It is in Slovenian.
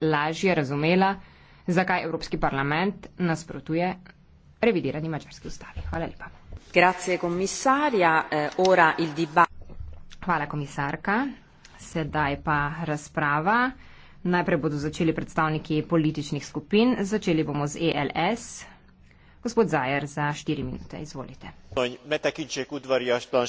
lažje razumela, zakaj Evropski parlament nasprotuje revidirani mačarski ustavi. Hvala lepa. Grazie, eh, ora il Hvala, komisarka. Sedaj pa razprava. Najprej bodo začeli predstavniki političnih skupin. Začeli bomo z ELS. Gospod Zajer, za štiri minute, izvolite. No,